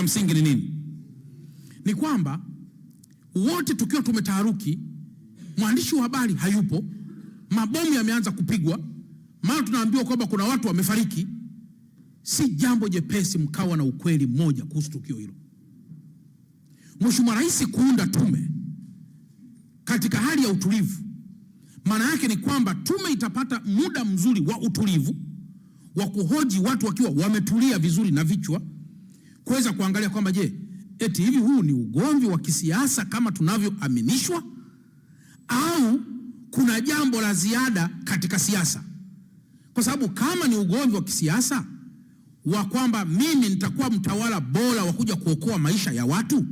ya msingi ni nini? Ni kwamba wote tukiwa tumetaharuki, mwandishi wa habari hayupo, mabomu yameanza kupigwa, mara tunaambiwa kwamba kuna watu wamefariki. Si jambo jepesi mkawa na ukweli mmoja kuhusu tukio hilo. Mheshimiwa Rais kuunda tume katika hali ya utulivu, maana yake ni kwamba tume itapata muda mzuri wa utulivu wa kuhoji watu wakiwa wametulia vizuri na vichwa kuweza kuangalia kwamba je, eti hivi huu ni ugomvi wa kisiasa kama tunavyoaminishwa au kuna jambo la ziada katika siasa? Kwa sababu kama ni ugomvi wa kisiasa wa kwamba mimi nitakuwa mtawala bora wa kuja kuokoa maisha ya watu,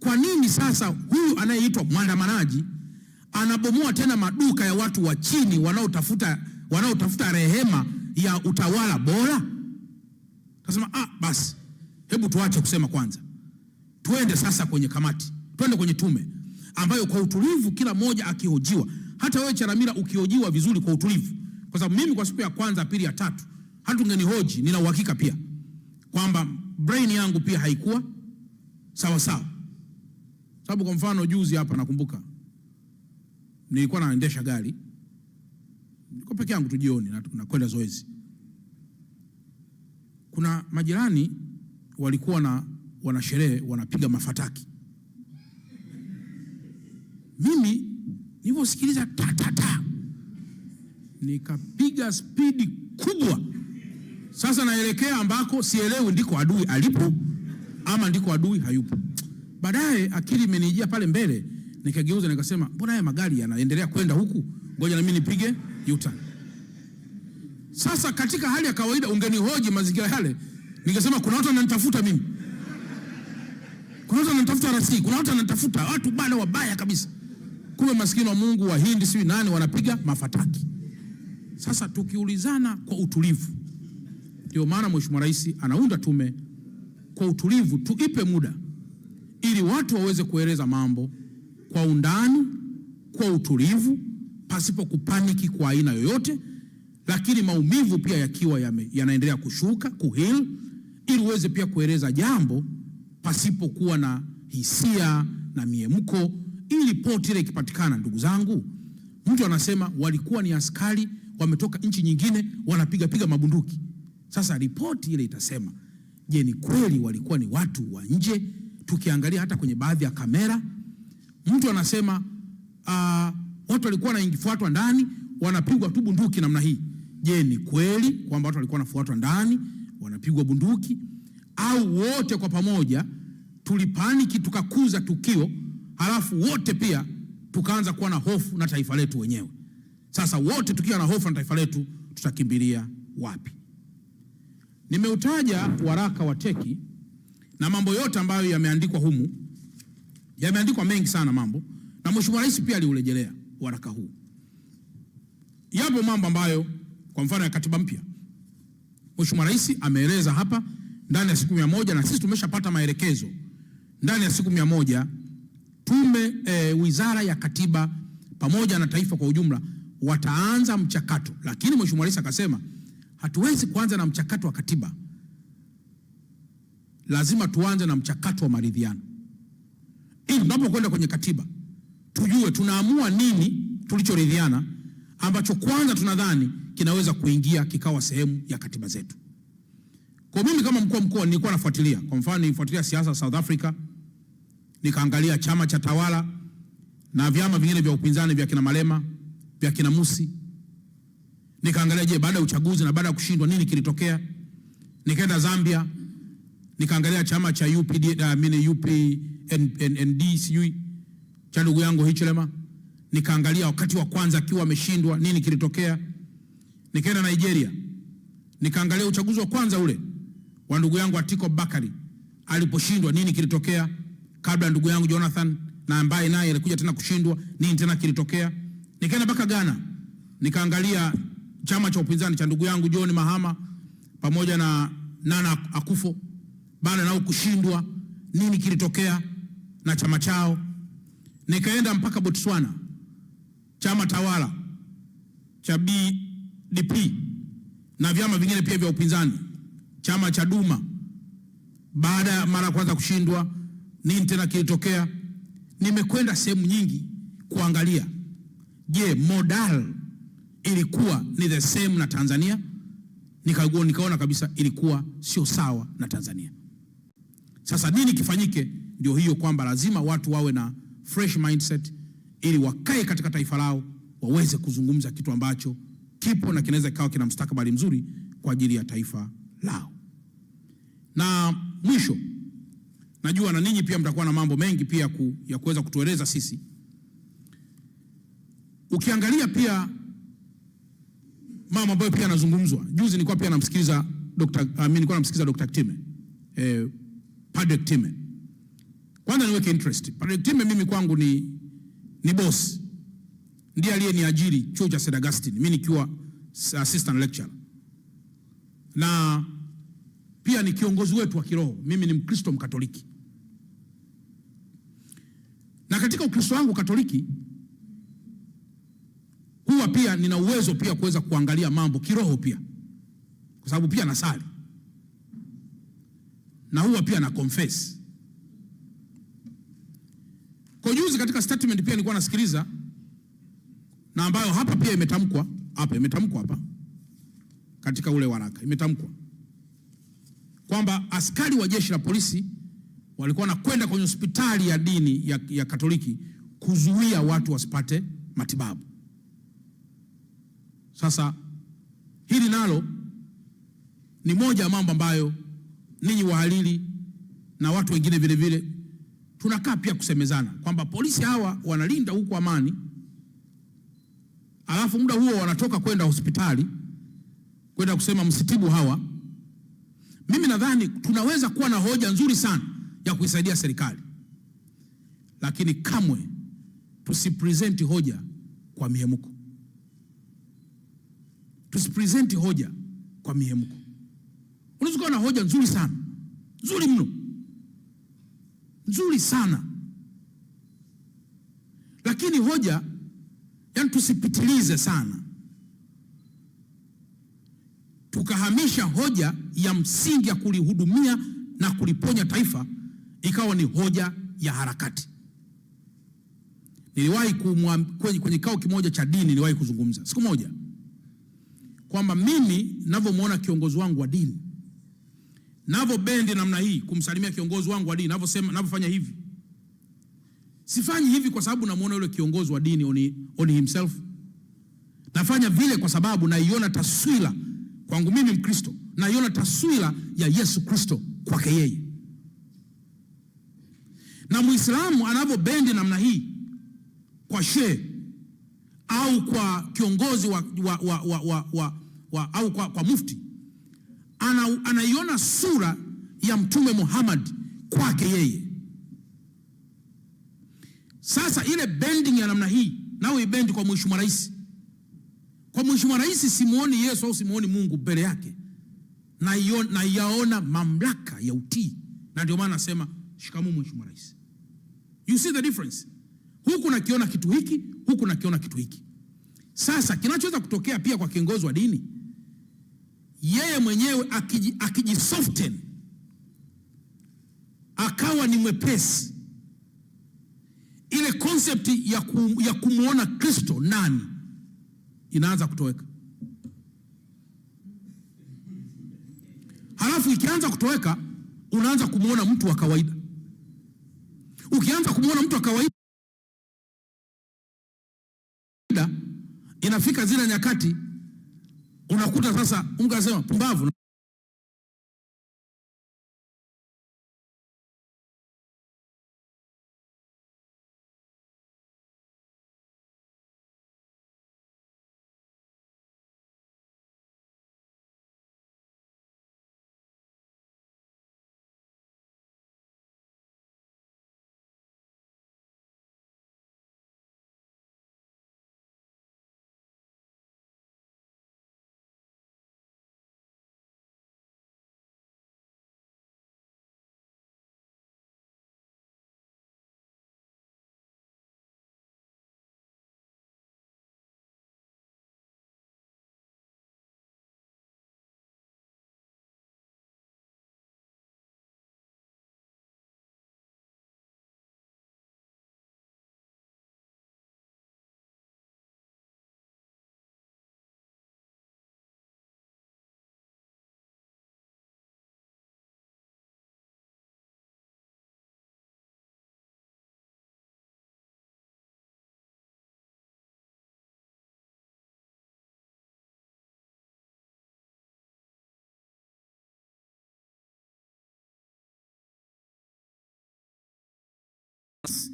kwa nini sasa huyu anayeitwa mwandamanaji anabomoa tena maduka ya watu wa chini wanaotafuta wanaotafuta rehema ya utawala bora? Kasema ah, basi Hebu tuache kusema kwanza, tuende sasa kwenye kamati, tuende kwenye tume ambayo kwa utulivu kila mmoja akihojiwa, hata wewe Chalamila ukihojiwa vizuri kwa utulivu, kwa sababu mimi kwa siku ya kwanza, pili, ya tatu hata ungenihoji, nina uhakika pia kwamba brain yangu pia haikuwa sawa sawa, sababu kwa mfano juzi hapa nakumbuka nilikuwa naendesha gari, niko peke yangu tu jioni, nakwenda zoezi, kuna majirani walikuwa na wanasherehe wanapiga mafataki. Mimi nilivyosikiliza ta, ta, ta, nikapiga spidi kubwa. Sasa naelekea ambako sielewi ndiko adui alipo ama ndiko adui hayupo. Baadaye akili imenijia pale mbele, nikageuza nikasema, mbona haya magari yanaendelea kwenda huku, ngoja na mimi nipige yuta. Sasa katika hali ya kawaida ungenihoji mazingira yale Nikasema kuna watu wananitafuta mimi, kuna watu wananitafuta rasi, kuna watu wananitafuta watu bale wabaya kabisa. Kumbe maskini wa Mungu wa Hindi siwi nani wanapiga mafataki. Sasa tukiulizana kwa utulivu, ndio maana Mheshimiwa Rais anaunda tume kwa utulivu, tuipe muda ili watu waweze kueleza mambo kwa undani, kwa utulivu, pasipo kupaniki kwa aina yoyote, lakini maumivu pia yakiwa yanaendelea kushuka kuhil ili uweze pia kueleza jambo pasipokuwa na hisia na miemko, ili poti ile ikipatikana. Ndugu zangu, mtu anasema walikuwa ni askari wametoka nchi nyingine piga mabunduki. Sasa ripoti ile itasema, je, ni kweli walikuwa ni watu wa nje? Tukiangalia hata kwenye baadhi ya kamera, mtu anasema aa, ah, watu walikuwa wanafuatwa ndani wanapigwa tu bunduki namna hii. Je, ni kweli kwamba watu walikuwa wanafuatwa ndani wanapigwa bunduki au wote kwa pamoja tulipaniki tukakuza tukio, halafu wote pia tukaanza kuwa na hofu na taifa letu wenyewe. Sasa wote tukiwa na hofu na taifa letu tutakimbilia wapi? Nimeutaja waraka wa teki na mambo yote ambayo yameandikwa humu, yameandikwa mengi sana mambo, na Mheshimiwa Rais pia aliurejelea waraka huu. Yapo mambo ambayo kwa mfano ya katiba mpya Mheshimiwa Rais ameeleza hapa ndani ya siku mia moja na sisi tumeshapata maelekezo ndani ya siku mia moja tume e, Wizara ya Katiba pamoja na taifa kwa ujumla wataanza mchakato, lakini Mheshimiwa Rais akasema hatuwezi kuanza na mchakato wa katiba, lazima tuanze na mchakato wa maridhiano, ili tunapokwenda kwenye katiba tujue tunaamua nini tulichoridhiana ambacho kwanza tunadhani kinaweza kuingia kikawa sehemu ya katiba zetu. Kwa mimi kama mkuu wa mkoa nilikuwa nafuatilia, kwa mfano nilifuatilia siasa South Africa, nikaangalia chama cha tawala na vyama vingine vya upinzani vya kina Malema, vya kina Musi. Nikaangalia je, baada ya uchaguzi na baada ya kushindwa nini kilitokea? Nikaenda Zambia, nikaangalia chama cha UPD, uh, UPND sijui cha ndugu yangu Hichilema nikaangalia wakati wa kwanza akiwa ameshindwa, nini kilitokea. Nikaenda Nigeria nikaangalia uchaguzi wa kwanza ule wa ndugu yangu Atiko Bakari aliposhindwa, nini kilitokea, kabla ndugu yangu Jonathan na ambaye naye alikuja tena kushindwa, nini tena kilitokea. Nikaenda mpaka Ghana nikaangalia chama cha upinzani cha ndugu yangu John Mahama pamoja na Nana Akufo bana nao kushindwa, nini kilitokea na chama chao. Nikaenda mpaka Botswana chama tawala cha BDP na vyama vingine pia vya upinzani, chama cha Duma, baada ya mara ya kwanza kushindwa, nini tena kilitokea? Nimekwenda sehemu nyingi kuangalia, je, modal ilikuwa ni the same na Tanzania? Nikagua, nikaona kabisa ilikuwa sio sawa na Tanzania. Sasa nini kifanyike? Ndio hiyo kwamba lazima watu wawe na fresh mindset ili wakae katika taifa lao waweze kuzungumza kitu ambacho kipo na kinaweza kikawa kina mstakabali mzuri kwa ajili ya taifa lao. Na mwisho, najua na ninyi pia mtakuwa na mambo mengi pia ku, ya kuweza kutueleza sisi. Ukiangalia pia mama ambayo pia anazungumzwa, juzi nilikuwa pia namsikiliza Dr. uh, ah, mimi nilikuwa namsikiliza Dr. Kitime eh, Padre Kitime. Kwanza niweke interest Padre Kitime, mimi kwangu ni ni boss, ndiye aliyeniajiri chuo cha St. Augustine, mimi nikiwa assistant lecturer, na pia ni kiongozi wetu wa kiroho. Mimi ni Mkristo Mkatoliki, na katika Ukristo wangu Katoliki huwa pia nina uwezo pia kuweza kuangalia mambo kiroho pia, kwa sababu pia nasali na huwa pia na confess kwa juzi katika statement pia nilikuwa nasikiliza na ambayo hapa pia imetamkwa hapa imetamkwa hapa katika ule waraka imetamkwa kwamba askari wa jeshi la polisi walikuwa wanakwenda kwenye hospitali ya dini ya, ya Katoliki kuzuia watu wasipate matibabu. Sasa hili nalo ni moja ya mambo ambayo ninyi wahariri na watu wengine vile vile tunakaa pia kusemezana kwamba polisi hawa wanalinda huku amani, alafu muda huo wanatoka kwenda hospitali kwenda kusema msitibu hawa. Mimi nadhani tunaweza kuwa na hoja nzuri sana ya kuisaidia serikali, lakini kamwe tusipresenti hoja kwa mihemko, tusipresenti hoja kwa mihemko Unaweza kuwa na hoja nzuri sana nzuri mno nzuri sana, lakini hoja, yani tusipitilize sana, tukahamisha hoja ya msingi ya kulihudumia na kuliponya taifa ikawa ni hoja ya harakati. Niliwahi kwenye kikao kimoja cha dini, niliwahi kuzungumza siku moja kwamba mimi ninavyomwona kiongozi wangu wa dini navo bendi namna hii kumsalimia kiongozi wangu wa dini, navosema navofanya hivi. Sifanyi hivi kwa sababu namuona yule kiongozi wa dini on, on himself. Nafanya vile kwa sababu naiona taswira kwangu mimi Mkristo, naiona taswira ya Yesu Kristo kwake yeye. Na Muislamu anavyobendi namna hii kwa shehe au kwa kiongozi wa, wa, wa, wa, wa, wa, wa, au kwa, kwa mufti ana, anaiona sura ya Mtume Muhammad kwake yeye. Sasa ile bending ya namna hii nawe ibendi kwa mheshimiwa rais. Kwa mheshimiwa rais simuoni Yesu au simuoni Mungu mbele yake, naiyaona na mamlaka ya utii, na ndio maana nasema shikamoo mheshimiwa rais. You see the difference? Huku nakiona kitu hiki, huku nakiona kitu hiki. Sasa kinachoweza kutokea pia kwa kiongozi wa dini yeye mwenyewe akijisoften, akawa ni mwepesi, ile konsepti ya, kum, ya kumwona Kristo nani inaanza kutoweka. Halafu ikianza kutoweka, unaanza kumwona mtu wa kawaida. Ukianza kumwona mtu wa kawaida inafika zile nyakati unakuta sasa Mungu anasema pumbavu.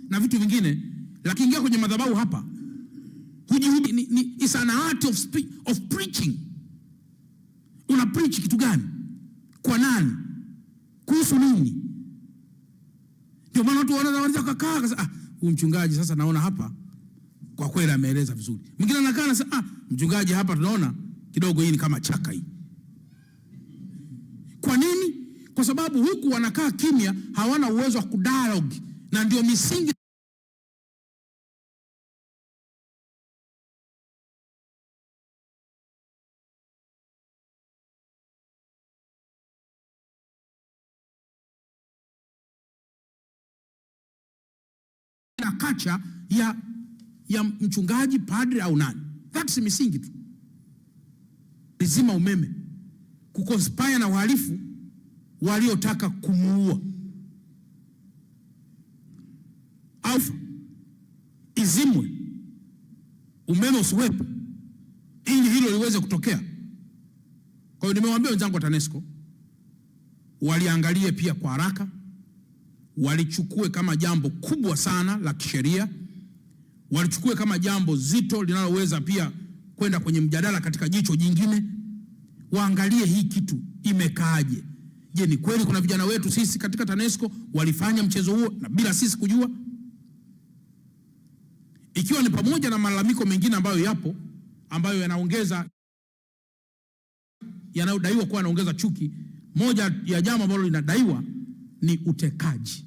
na vitu vingine, lakini ingia kwenye madhabahu hapa hujihubiri ni, ni, is an art of, speak, of preaching. Una preach kitu gani? Kwa nani? Kuhusu nini? Ndio maana watu wanaweza kukaa kasa, ah, huyu mchungaji sasa naona hapa kwa kweli ameeleza vizuri. Mwingine anakaa nasema, ah, mchungaji hapa tunaona kidogo hii ni kama chaka hii. Kwa nini? Kwa sababu huku wanakaa kimya, hawana uwezo wa kudialogue na ndio misingi na kacha ya, ya mchungaji, padre au nani. That's misingi tu. Lazima umeme, kukonspire na wahalifu waliotaka kumuua au izimwe, umeme usiwepo, ili hilo liweze kutokea. Kwa hiyo nimewaambia wenzangu wa TANESCO waliangalie pia kwa haraka, walichukue kama jambo kubwa sana la kisheria, walichukue kama jambo zito linaloweza pia kwenda kwenye mjadala katika jicho jingine. Waangalie hii kitu imekaaje. Je, ni kweli kuna vijana wetu sisi katika TANESCO walifanya mchezo huo na bila sisi kujua? ikiwa ni pamoja na malalamiko mengine ambayo yapo ambayo yanaongeza yanayodaiwa kuwa yanaongeza chuki. Moja ya jambo ambalo linadaiwa ni utekaji,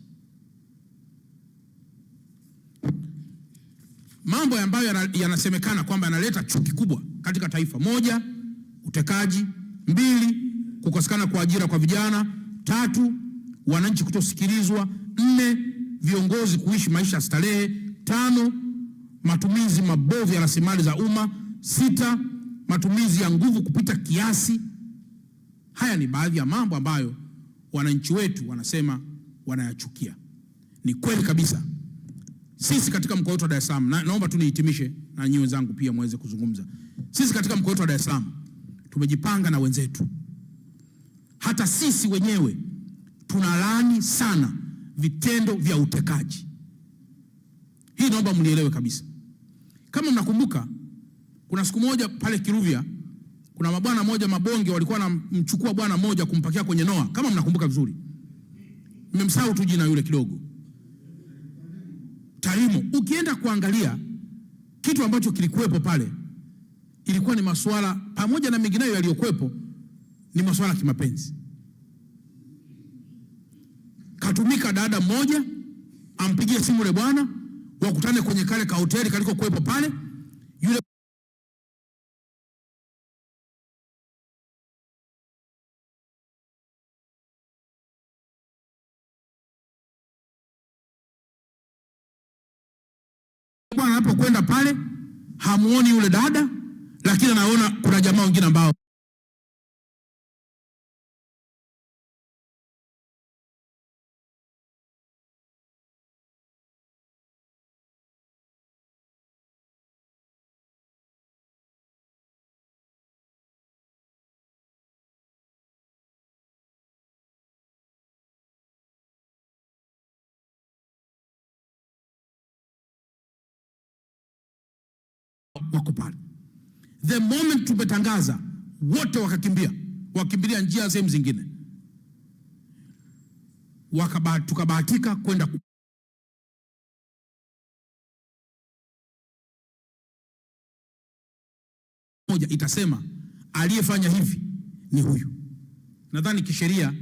mambo ambayo yanasemekana kwamba yanaleta chuki kubwa katika taifa. Moja, utekaji; mbili, kukosekana kwa ajira kwa vijana; tatu, wananchi kutosikilizwa; nne, viongozi kuishi maisha ya starehe; tano matumizi mabovu ya rasilimali za umma. Sita, matumizi ya nguvu kupita kiasi. Haya ni baadhi ya mambo ambayo wananchi wetu wanasema wanayachukia. Ni kweli kabisa. Sisi katika mkoa wetu wa Dar es Salaam na, naomba tu nihitimishe na nyinyi wenzangu pia muweze kuzungumza. Sisi katika mkoa wetu wa Dar es Salaam tumejipanga na wenzetu, hata sisi wenyewe tunalaani sana vitendo vya utekaji. Hii naomba mnielewe kabisa. Kama mnakumbuka, kuna siku moja pale Kiluvya kuna mabwana moja mabonge walikuwa wanamchukua bwana moja kumpakia kwenye noa, kama mnakumbuka vizuri. Nimemsahau tu jina yule kidogo, Tarimo. Ukienda kuangalia kitu ambacho kilikuwepo pale, ilikuwa ni masuala pamoja na mengineyo yaliyokuwepo, ni masuala ya kimapenzi. Katumika dada mmoja ampigie simu yule bwana wakutane kwenye kale ka hoteli kalikokuwepo pale yule anapokwenda pale hamuoni yule dada, lakini anaona kuna jamaa wengine ambao wako pale. The moment tumetangaza, wote wakakimbia, wakimbilia njia sehemu zingine, tukabahatika kwenda moja, itasema aliyefanya hivi ni huyu. Nadhani kisheria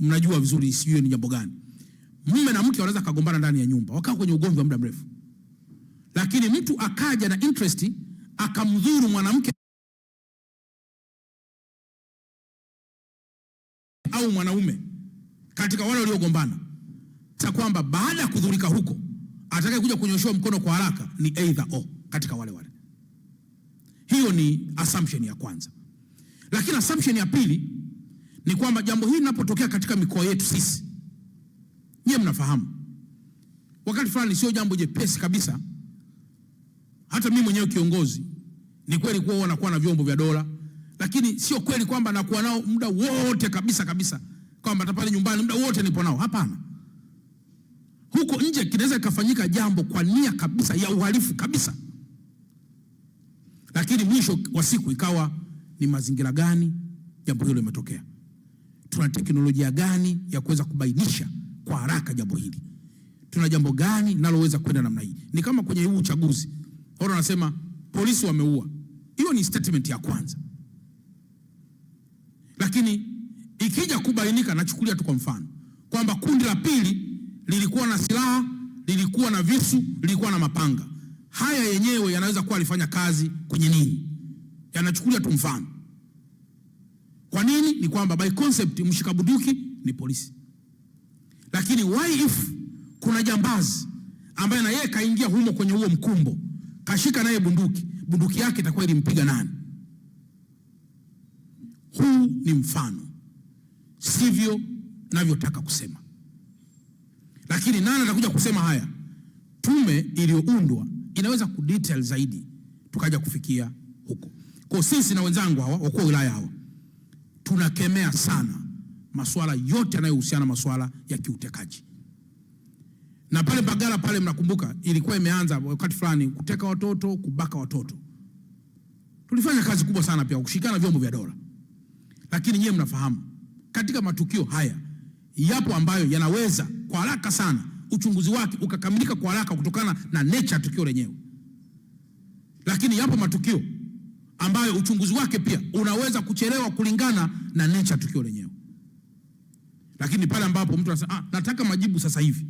mnajua vizuri, sijui ni jambo gani. Mume na mke wanaweza kagombana ndani ya nyumba, wakaa kwenye ugomvi wa muda mrefu lakini mtu akaja na interest akamdhuru mwanamke au mwanaume katika wale waliogombana, sa kwamba baada ya kudhurika huko atakaye kuja kunyoshewa mkono kwa haraka ni either o katika wale wale. Hiyo ni assumption ya kwanza, lakini assumption ya pili ni kwamba jambo hili linapotokea katika mikoa yetu sisi, nyie mnafahamu wakati fulani sio jambo jepesi kabisa hata mimi mwenyewe kiongozi, ni kweli kuwa wanakuwa na vyombo vya dola, lakini sio kweli kwamba nakuwa nao muda wote kabisa kabisa, kwamba pale nyumbani muda wote nipo nao. Hapana, huko nje kinaweza kikafanyika jambo kwa nia kabisa ya uhalifu kabisa, lakini mwisho wa siku ikawa ni mazingira gani jambo hilo limetokea, tuna teknolojia gani ya kuweza kubainisha kwa haraka jambo hili, tuna jambo gani linaloweza kwenda namna hii. Ni kama kwenye huu uchaguzi Watu wanasema polisi wameua. Hiyo ni statement ya kwanza, lakini ikija kubainika, nachukulia tu kwa mfano kwamba kundi la pili lilikuwa na silaha, lilikuwa na visu, lilikuwa na mapanga. Haya yenyewe yanaweza kuwa alifanya kazi kwenye nini, yanachukulia tu mfano. Kwa nini? Ni kwamba by concept mshika bunduki ni polisi, lakini why if kuna jambazi ambaye na yeye kaingia humo kwenye huo mkumbo kashika naye bunduki, bunduki yake itakuwa ilimpiga nani? Huu ni mfano, sivyo navyotaka kusema, lakini nani atakuja kusema haya? Tume iliyoundwa inaweza kudetail zaidi, tukaja kufikia huko. Kwa sisi na wenzangu hawa wakuu wa wilaya hawa tunakemea sana masuala yote yanayohusiana masuala ya kiutekaji na pale Mbagala pale, mnakumbuka ilikuwa imeanza wakati fulani kuteka watoto, kubaka watoto. Tulifanya kazi kubwa sana pia kushikana vyombo vya dola, lakini nyie mnafahamu katika matukio haya yapo ambayo yanaweza kwa haraka sana uchunguzi wake ukakamilika kwa haraka kutokana na nature tukio lenyewe, lakini yapo matukio ambayo uchunguzi wake pia unaweza kuchelewa kulingana na nature tukio lenyewe. Lakini pale ambapo mtu anasema ah, nataka majibu sasa hivi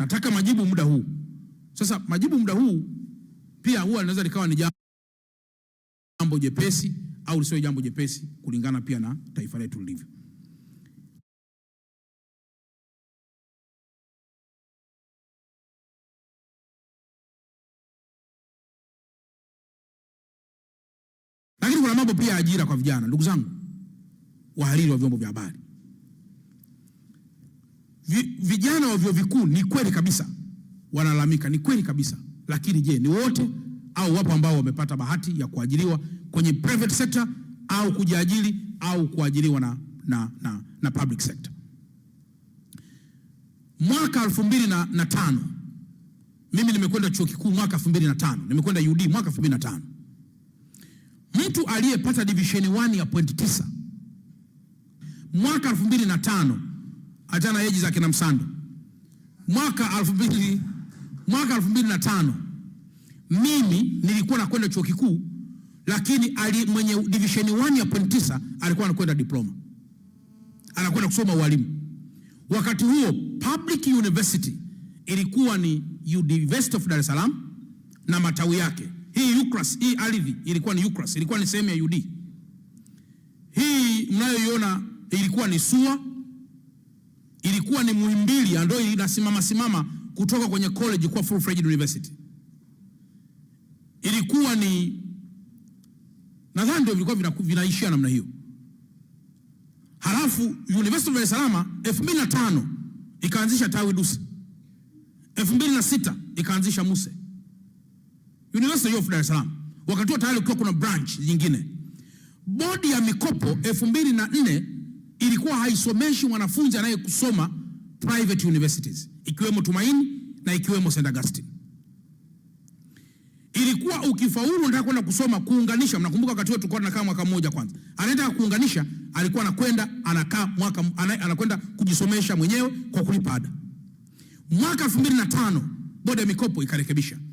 Nataka majibu muda huu. Sasa majibu muda huu pia huwa linaweza likawa ni jambo jepesi au lisio jambo jepesi, kulingana pia na taifa letu lilivyo. Lakini kuna mambo pia ya ajira kwa vijana. Ndugu zangu wahariri wa vyombo vya habari, vijana wa vyuo vikuu ni kweli kabisa wanalalamika, ni kweli kabisa, lakini je, ni wote au wapo ambao wamepata bahati ya kuajiriwa kwenye private sector au kujiajiri au kuajiriwa na, na, na, na public sector? Mwaka elfu mbili na, na tano mimi nimekwenda chuo kikuu mwaka elfu mbili na tano nimekwenda UD mwaka elfu mbili na tano mtu aliyepata division 1 ya point 9 mwaka elfu mbili na tano achana eji za kina Msando. Mwaka elfu mbili mwaka elfu mbili na tano mimi nilikuwa nakwenda chuo kikuu, lakini ali mwenye division 1 ya point tisa alikuwa anakwenda diploma, anakwenda kusoma ualimu. Wakati huo public university ilikuwa ni University of Dar es Salaam na matawi yake. Hii UCRAS, hii ardhi ilikuwa ni UCRAS, ilikuwa ni sehemu ya UD. Hii mnayoiona ilikuwa ni SUA ilikuwa ni Muhimbili ndio inasimama simama kutoka kwenye college kwa full fledged university. Ilikuwa ni nadhani ndio vilikuwa vinaishia vina namna hiyo. Halafu University of Dar es Salaam 2005 ikaanzisha tawi Dusa, 2006 ikaanzisha Muse. University of Dar es Salaam wakati tayari kulikuwa kuna branch nyingine. Bodi ya mikopo 2004 ilikuwa haisomeshi mwanafunzi anayekusoma private universities ikiwemo Tumaini na ikiwemo St. Augustine. Ilikuwa ukifaulu unataka kwenda kusoma kuunganisha, mnakumbuka wakati wetu tulikuwa tunakaa mwaka mmoja kwanza. Anataka kuunganisha, alikuwa anakwenda anakaa mwaka anakwenda kujisomesha mwenyewe kwa kulipa ada. Mwaka 2005 bodi ya mikopo ikarekebisha